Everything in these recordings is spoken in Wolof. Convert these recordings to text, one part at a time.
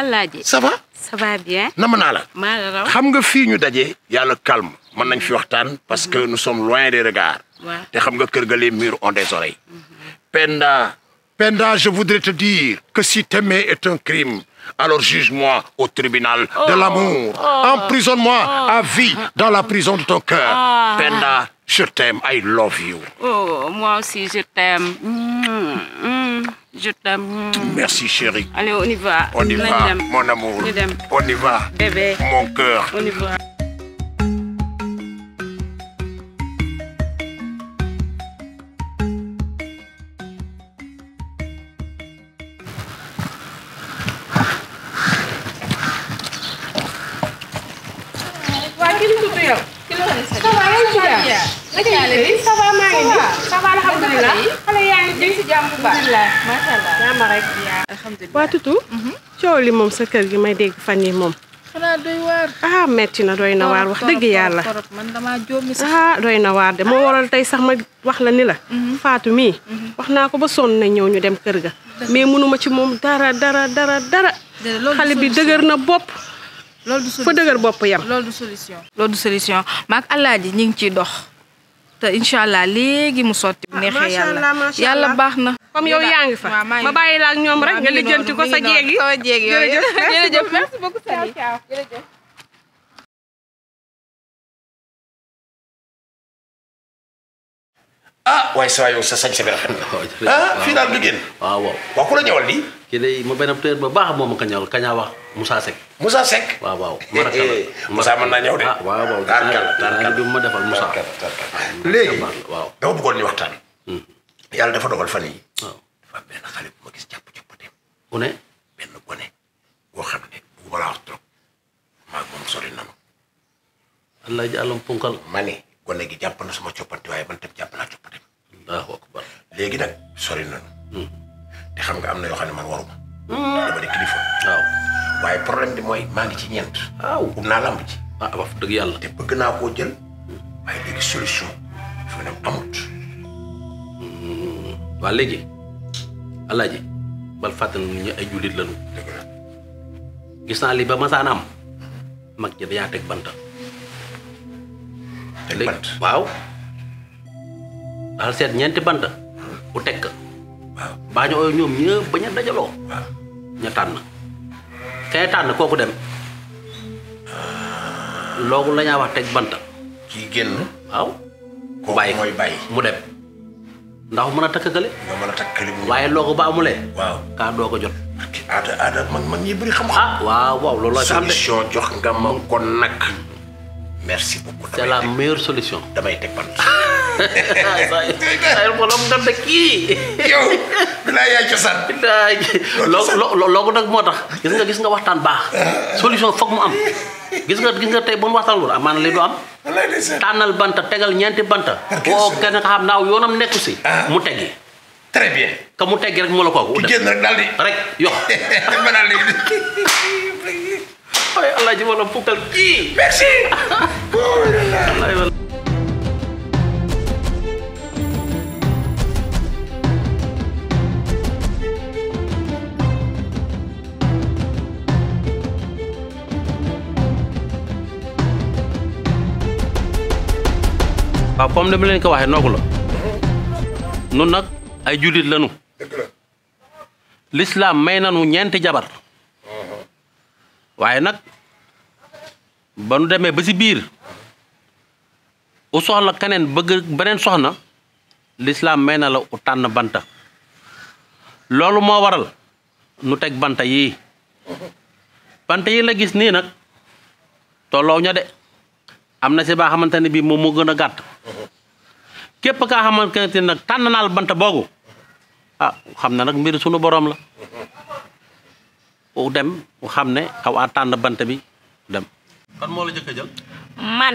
Alaaji ça va. la. xam nga fii ñu daje. yàlla calme mën nañ fi waxtaan. parce que nous sommes loin des regards. waaw te xam nga kër ga les murs des oreilles. Penda. Penda je voudrais te dire que si t'aimer est un crime. alors juge-moi au tribunal de oh. l'amour. Oh. Emprisonne-moi à vie dans la prison de ton cœur. Ah. Penda, je t'aime. I love you. Oh, moi aussi je t'aime. Je t'aime. Merci chérie. Allez, on y va. On y va, mon amour. On y va. Bébé. Mon cœur. On y va. Waaw, ki lu tudd yow? Ki lu tudd yow? naka yi ça coow li moom sa kër gi may dégg fan yi moom xanaa doy ah metti na doy na waar wax dëgg yàlla man damaa joomi sax ah doy na waar de moo ah. waral tey sax ma wax la ni la mhm. faatu mi mhm. wax naa ko ba sonn na ñëw ñu dem kër ga mais mënuma ci moom dara dara dara dara xale bi dëgër na bopp loolu du solution dëgër bopp yam loolu du solution loolu du solution ngi ciy dox te incha allah léegi mu sotti. bu neexee yàlla yàlla baax na. comme yow yaa ngi fa ma bàyyi la ak ñoom rek nga lijjanti ko sa jéeg yi sama jéeg yooyu jërëjëf merci beaucoup jërëjëf ah waaye saa yow sa sañ sa bi rafet na. ah fii daal du génn. waaw waaw waaw ku la ñëwal lii. kii day ma benn téer ba baax moom ma kañal kañaa wax. Moussa Seck. Moussa Seck. waaw waaw eh, eh, Moussa mën naa ñëw de. Ah, waaw ma defal Moussa. Ah, hmm. yàlla dafa dogal fan yi waaw benn xale bu gis jàpp ci côté. bu ne benn gone boo xam ne bu wala wax trop maa ngi moom sori gi jàpp na sama coppante waaye man jàpp naa coppateem. allahu akbar léegi nag sori nanu. Hmm. te xam nga am na yoo xam ne man waruma. dama di waaye problème mooy maa ngi ci ñeent. waaw um naa lamb ci. ah wax dëgg yàlla. te bëgg naa koo jël waaye léegi solution dafa dem amut. Hmm. waa léegi Alaaji bal fàttali ñu ay jullit lañu. gis naa li ba masaan am mag ñi dañaa teg banta teg bant waaw. daal ñeenti bant bu hmm. teg. waaw baa ñoom ñëpp bañ dajaloo. ñu tànn kay tànn kooku dem loolu lañaa wax teg banta kii génn waaw bàyyi mooy bàyyi mu dem ndax mën a takkale nga mën a takkale waaye loogu ba amulee waaw kaa doo ko jot aada aada mag mag ñi bëri xam-xam ah waaw waaw loolu la solution jox nga ma kon nag merci beaucoup. c'est la meilleure solution. damay teg bant. Ah, ay xolom daf de kii. yow. bilaa yaay cosaan. loo loo nag moo tax. gis nga gis nga waxtaan baax. Ah. solution foog mu am. gis nga gis nga tey bu mu waxtaan loolu amaan li du am. tànnal banta tegal ñeenti banta. boo kenn nga xam naaw yoonam nekku si. Ah. mu teg très ka mu teggi rek moo la kooku. ki génn rek daal di. rek yox. waaye alaaji wala fukkal kii merci waaw comme dama leen ko waxee noogu la nag ay jullit lañu lislaam may nanu ñeenti jabar waaye nag ba nu demee ba ci biir u soxla keneen bëgg beneen soxna lislaam may na la u tànn banta loolu moo waral nu teg banta yii banta yi la gis nii nag tolloo ña de am na si baa xamante ne bii moom moo gën a gàtt képp kaa xamante ne nag tànn naal banta boogu ah xam na nag mbir sunu boroom la u dem mu xam ne aw a tànn bant bi dem. kan moo la man.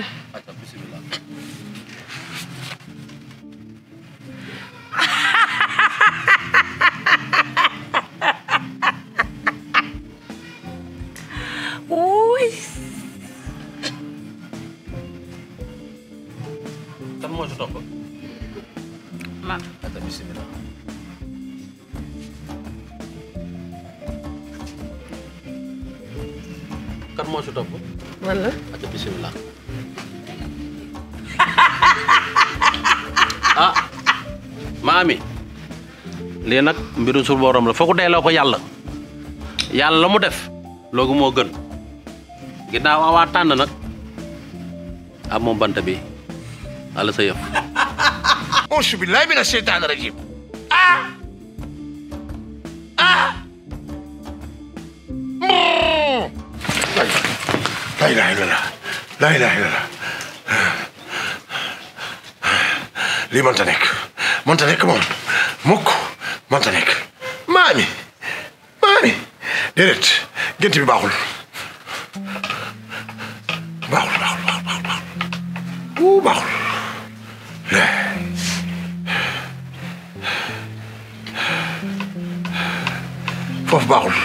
bisimilah. maami lii nag mbirum suñu borom la foog delloo ko yàlla yàlla la mu def loogu moo gën ginnaaw awaa tànn nag am moom bant bi ala sa yëf auzu billaahi mina sheytaani rajiim ah ah la ilaha illallah la ilaha illallah lii mënta nekk mënta nekk moom mukk mënta nekk maami maami déedéet gént bi baaxul baaxul baaxul baaxul baaxul wuu baaxul foofu baaxul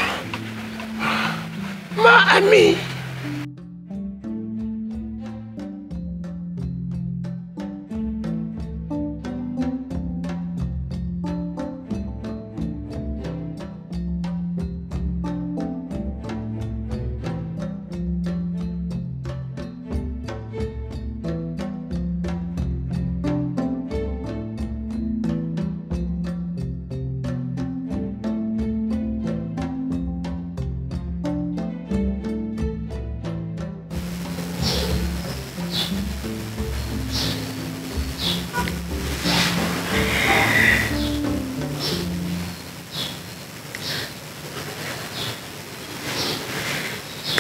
maami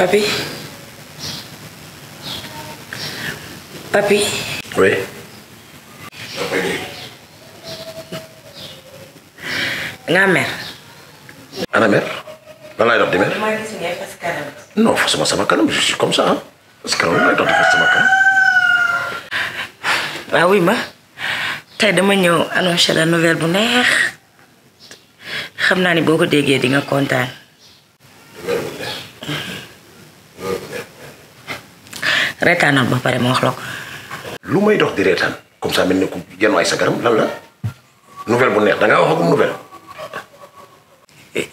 Papi. Papi. Oui. nga mer. ana mer. lan laay dox sama kanam je comme ça parce que lan laay di fas sama kanam. waaw wuy ma tey dama ñëw annoncer la nouvelle bu neex xam naa ni boo ko déggee di kontaan. reetaanal ba pare ma wax la ko. lu may dox di reetaan comme ça mel ni ku yenn waay sa garam lan la nouvelle bu neex da ngaa wax ak nouvelle. Eh,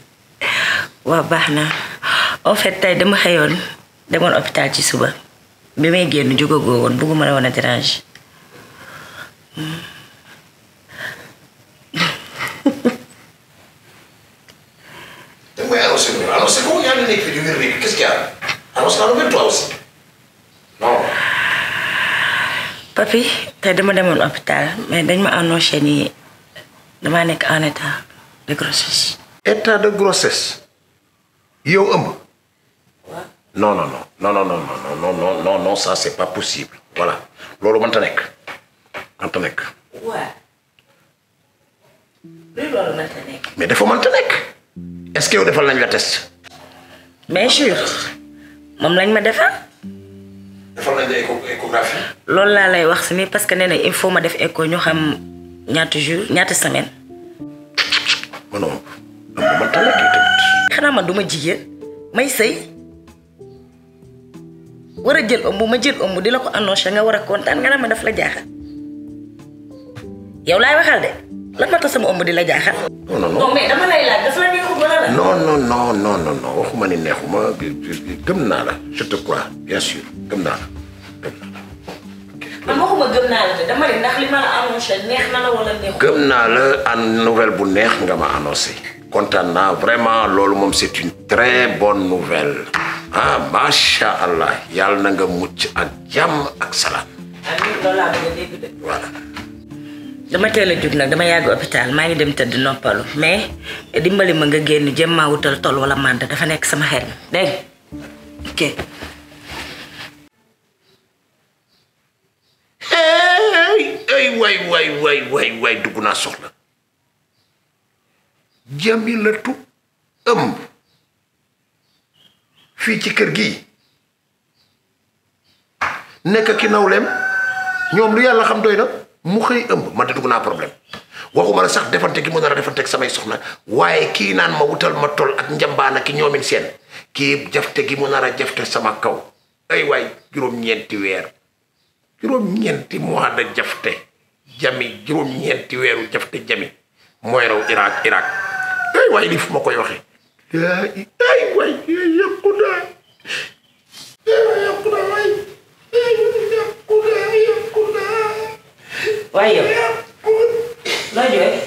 waaw baax na en fait tey dama xëyoon demoon hôpital ci suba bi may génn jógagoo woon bëgguma la woon a dérange. papi tey dama demoon hôpital mais dañ ma annoncé ni damaa nekk en état de grossesse. état de grossesse yow ëmb. waaw non non non non non non non non non ça c'est pas possible voilà loolu mënta nekk mënta nekk. waaw loolu mënta nekk. mais dafa mënta nekk. est-ce que yow defal nañ la test. bien sûr moom lañ ma defal. defal laa lay wax si nii parce que nee na il faut ma def écho ñu xam ñaata jours ñaata semaine. ma xanaa man du ma jigéen may sëy war a jël ëmb ma jël ëmb di la ko annoncé nga war a kontaan nga ne ma daf la jaaxal yow laay waxal de. lan la ko sama ëmb di la jaaxal. non non non mais dama lay laaj dafa la neexul wala gëm naa la je te crois bien sûr gëm naa la gëm naa la. nouvelle bu neex nga ma annoncé. kontaan naa vraiment loolu moom c'est une très bonne nouvelle. ah macha allah yàlla na nga mucc ak jàmm ak salaam. amiin loolu laa dama teel a jug nag dama yàgg hôpital maa ngi dem tëdd noppalu mais dimbali ma nga génn jëm wutal tol wala mànd dafa nekk sama xel dégg ok. ay dugg naa soxla Jamilatu ëmb fii ci kër gi nekk ki nawleem ñoom lu yàlla xam doy na. mu xëy ëmb man de dugg naa problème waxuma la sax defante gi mu nar a defanteeg samay soxna waaye kii naan ma wutal ma tol ak njambaana ki ñoomin seen kii jafte gi mu nar a jafte sama kaw ay waay juróom-ñeenti weer juróom-ñeenti mois de jafte jami juróom-ñeenti weeru jafte jami mooy raw Irak ay waay lii fu ma koy waxee ay waay waaye yow loo jooy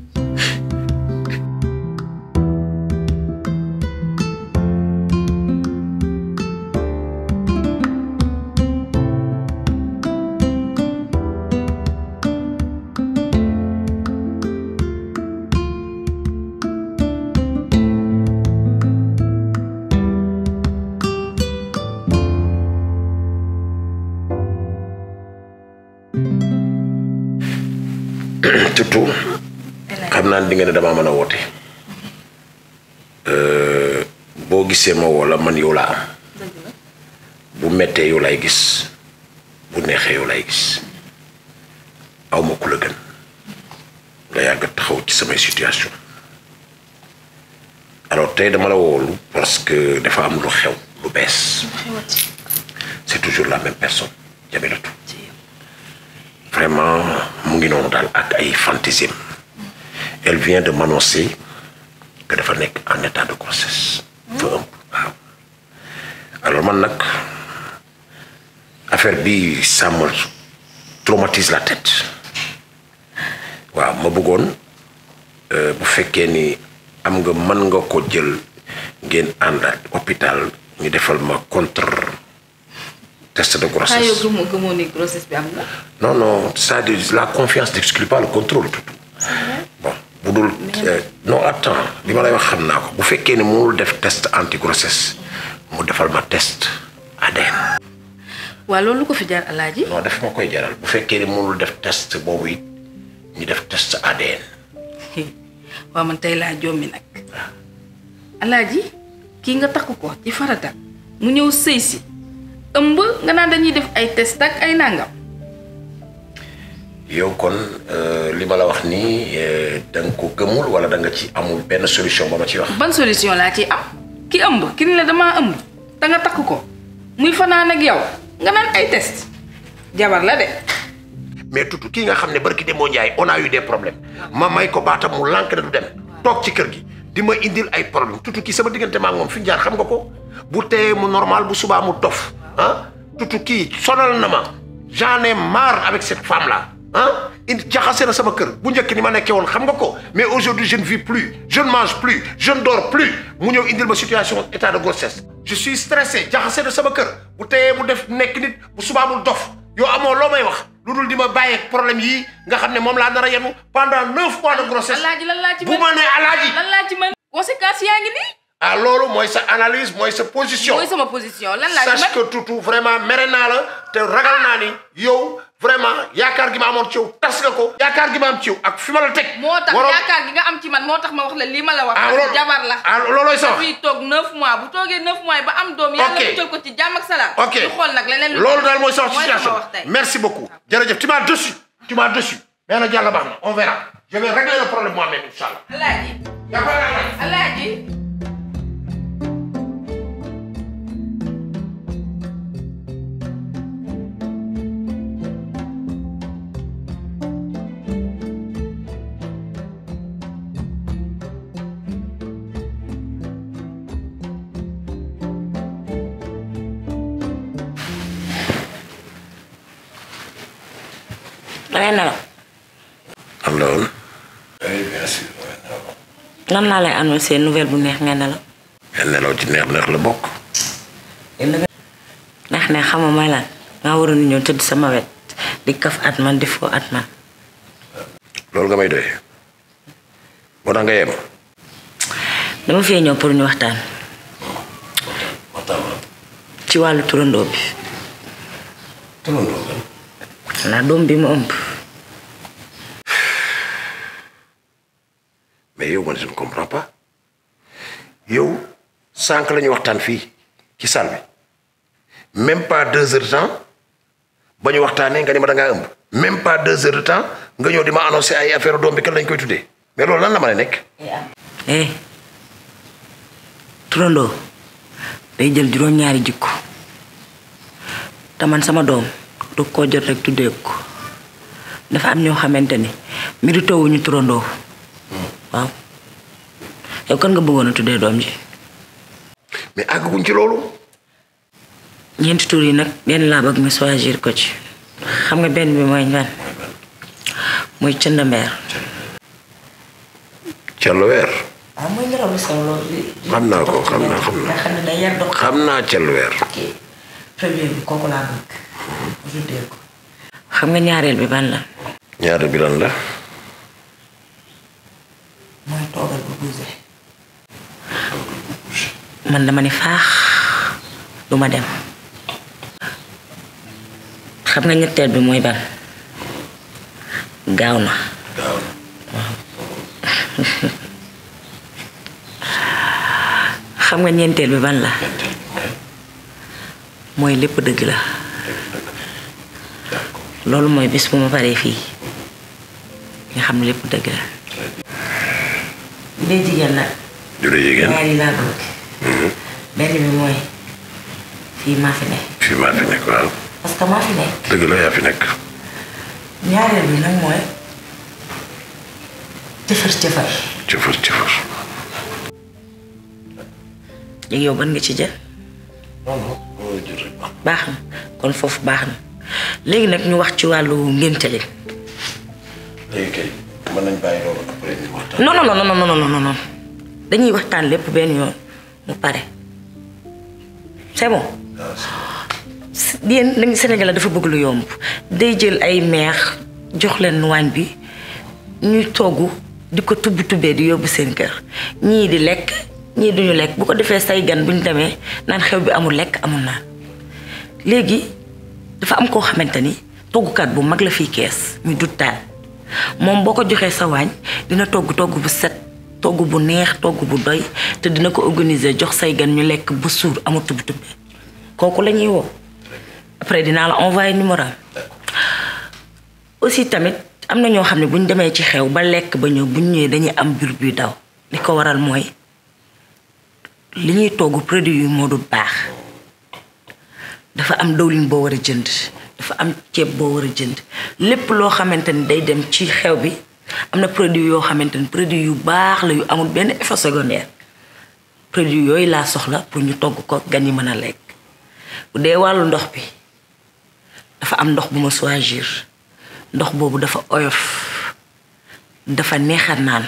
di nga ne damaa mën a woote euh, boo gisee ma woo la man yow laa am bu mettee yow lay gis bu neexee yow lay gis aw ma ku la gën nga yàgg taxaw ci samay situation alors tey dama la woolu parce que dafa am lu xew lu bees c'est toujours la même personne Jamilatu vraiment mu ngi noonu daal ak ay fantaisies elle vient de m'annoncer que dafa nekk en état de grossesse. fa ëmb waaw. alors man nag affaire bi ça traumatise la tête waaw ma bëggoon euh, bu fekkee ni am nga mën nga ko jël ngeen ànd ak hôpital ñu defal ma contre. test de grossesse saa yoo gëmoo gëmoo la confiance n'exclut pas le contrôle. bu dul eh, non attends li ma lay wax xam naa ko bu fekkee ne mënul def test anti grossesse mu defal ma test ADN. waaw loolu ko fi jaar alaaji. non daf ma koy jaral bu fekkee ne mënul def test boobu it ñu def test ADN. waaw man tey laa jommi nag. alaaji kii nga takk ko ci farata mu ñëw sëy si ëmb nga naan dañuy def ay test ak ay nangam. yow kon euh, li ma la wax nii euh, da nga ko gëmul wala danga ci amul benn solution ba ma ci wax. ban solution laa ci am ki ëmb ki ni la damaa ëmb da nga takk ko muy fanaan ak yow nga naan ay test jabar la de. mais tutu kii nga xam ne barki ki Ndiaye on a eu des problème ma may ko baatam mu lànk na du dem toog ci kër gi di ma indil ay problème tutu kii sama diggante maa moom fi ñu xam nga ko bu teyee mu normal bu subaa mu dof ah tutu kii sonal na ma j'en ai marre avec ah indi jaxase na sama kër bu njëkk ni ma nekkee woon xam nga ko mais aujourd'hui je ne vis plus je ne mange plus je ne dors plus mu ñëw indil ma situation état de grossesse je suis stressé jaxase na sama kër bu teyee mu def nekk nit bu subaamul dof yow amoo loo may wax lu dul di ma bàyyeeg problème yii nga xam ne moom laa nar a yenu pendant neuf fois de grossesse alaaji lan laa ci mën bu ma nee alaaji lan laa ci yaa ngi nii ah loolu mooy sa analyse mooy sa position sama position lan laa ci mën sache que Toutou vraiment mere naa te ragal naa ni yow vraiment yaakaar gi ma amoon ci yow tas nga ko. yaakaar gi ma am ak fi ma la moo tax yaakaar gi nga am ci man moo tax ma wax la lii ma la wax. ah jabar la ah loolooy sax dafiy toog 9 mois bu toogee 9 mois ba am doom. ok yàlla mu ko ci jàmm ak ok loolu daal mooy sax situation merci beaucoup. jërëjëf tu m'as déçu tu m'as déçu. mais nag yàlla na on verra. je vais régler le problème moi-même incha allah. dangay nelaw. am na woon. oui bien laa lay annoncé nouvelle bu neex nga nelaw. neex neex la bokk. neex neex xam nga nga waroon ñëw tëdd sama wet di kaf at man di foo at man. loolu nga may doyee. moo yem. dama fee ñëw pour ñu waxtaan. ci wàllu turandoo bi. turandoo doom bi mu ëmb. sànq la ñu waxtaan fii ci salle bi même pas deux heures de temps ba ñu waxtaanee nga ni ma da ëmb. même pas deux heures de temps nga ñëw di ma annoncé ay affaire doom bi kan lañ koy tuddee mais loolu lan la mën a nekk. eh, ah. eh turandoo day jël juróom-ñaari jikko te man sama doom du koo jot rek tuddee ko dafa am ñoo xamante ni mérite wuñu turandoo hmm. waaw yow kan nga bëggoon a tuddee doom ji. mais àgguñ ci loolu. ñeenti tur yi nag benn laa bëgg nga choisir ko ci xam nga benn bi mooy ñan mooy cënd mbeer. weer. xam naa ko xam naa xam weer. xam nga ñaareel bi ban la. ñaareel bi lan la. man dama ne faax du ma dem xam nga ñetteel bi mooy ban gaaw na xam nga ñeenteel bi ban la mooy lépp dëgg la loolu mooy bis bu ma paree fii nga xam lépp dëgg la. mbedd mi mooy fii maa fi nekk. fii maa fi nekk waaw. parce que maa fi nekk. dëgg la yaa fi nekk. ñaareel bi nag mooy cëfër cëfër. cëfër cëfër. léegi yow ban nga ci jël. non non baax na kon foofu baax na léegi nag ñu wax ci wàllu ngénte li. léegi kay mën nañ bàyyi loolu après ñu waxtaan. non non non non non non dañuy waxtaan lépp benn yoon mu pare. c'est bon. yéen lañu dafa bëgg lu yomb day jël ay meex jox leen waañ bi ñuy togg di ko tubb tubbee di yóbbu seen kër ñii di lekk ñii duñu lekk bu ko defee say gan bu ñu demee naan xew bi amul lekk amul naan léegi dafa am koo xamante ni toggukat bu mag la fiy kees ñu dut taal moom boo ko joxee sa waañ dina togg togg bu set togg bu neex togg bu doy te dina ko organiser jox say gan ñu lekk ba suur amul tub tub kooku la ñuy woo après dinaa la envoyer numéro aussi tamit am na ñoo xam ne buñ demee ci xew ba lekk ba ñëw buñ ñëwee dañuy am biir bi daw li ko waral mooy li ñuy togg produit yu moo dul baax dafa am dawlin boo war a jënd dafa am ceeb boo war a jënd lépp loo xamante ni day dem ci xew bi am na produit yoo xamante ni produit yu baax la yu amul benn effet secondaire produit yooyu laa soxla pour ñu togg ko gan yi mën a lekk bu dee wàllu ndox bi dafa am ndox bu ma choisir ndox boobu dafa oyof dafa neexat naan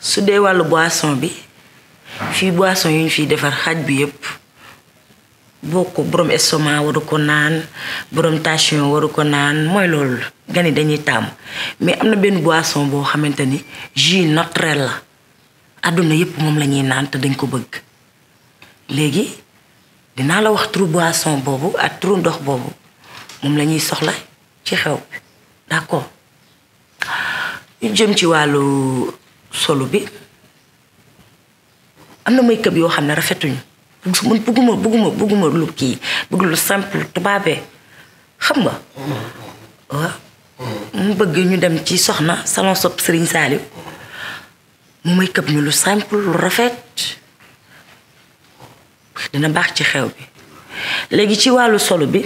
su dee wàllu boisson bi fii boisson yu ñu fiy defar xaaj bi yépp boo ko borom estomac waru ko naan borom tension waru ko naan mooy loolu gan yi dañuy tàmm mais am na benn boisson boo xamante ni jus naturel la adduna yépp moom la ñuy naan te dañ ko bëgg léegi dinaa la wax turu boisson boobu ak turu ndox boobu moom la ñuy soxla ci xew bi d'accord ñu jëm ci wàllu solo bi am na makeup yoo xam ne rafetuñu man bëgguma bëgguma bëgguma lu kii bëgg lu simple tubaabee xam nga waaw ah, mu bëgg ñu dem ci soxna salon sopp Serigne Saliou mu may këpp ñu lu simple lu rafet dina baax ci xew bi léegi ci wàllu solo bi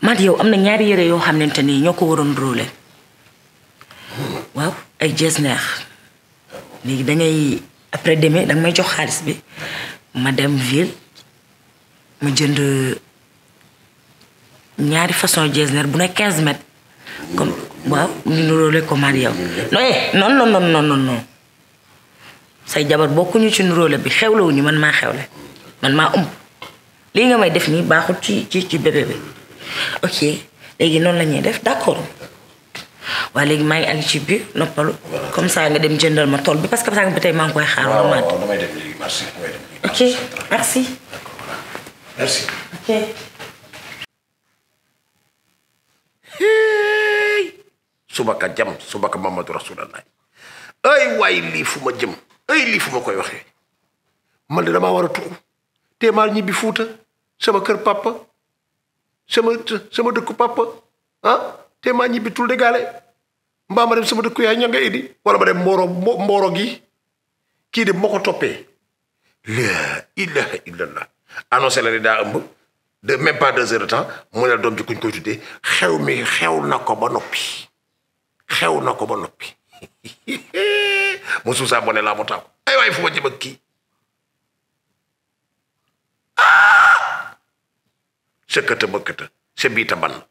man yow am na ñaari yére yoo xamante ni ñoo ko waroon róole waaw ay jees neex léegi dangay après demee danga may jox xaalis bi ma dem ville ma jënd ñaari façon jeesner bu ne 15 mètres comme waaw ñu nuróole ko maag yow non eh non non non non non non say jabar bokkuñu ci nuróole bi xewlewuñu man maa xewle man maa ëmb lii nga may def nii baaxul ci ci ci bébé bi ok léegi noonu la ñuy def d'accord waaye léegi maa ngi àgg ci noppalu. comme ça nga dem jëndal ma tool bi parce que sànq bi tey maa ngi koy xaar. waaw ay waay lii jëm ay lii koy waxee man de damaa war a tukku te maa ñibbi Fuuta sama kër papa sama sama dëkku te maa ñibbi tul de gaale mbaa ma dem sama dëkku yaay ña nga idi wala ma dem mbooro mbooro gi kii de moo ko toppee la ilaha illallah annoncé la ne daa ëmb de même pas deux heures de temps mu ne doom ji koy tuddee xew mi xew na ko ba noppi xew na ko ba noppi mu suuf saa bone laa mu taaw ay waay fu ma jëm ak kii ah! sëkkata bëkkata sa biita ban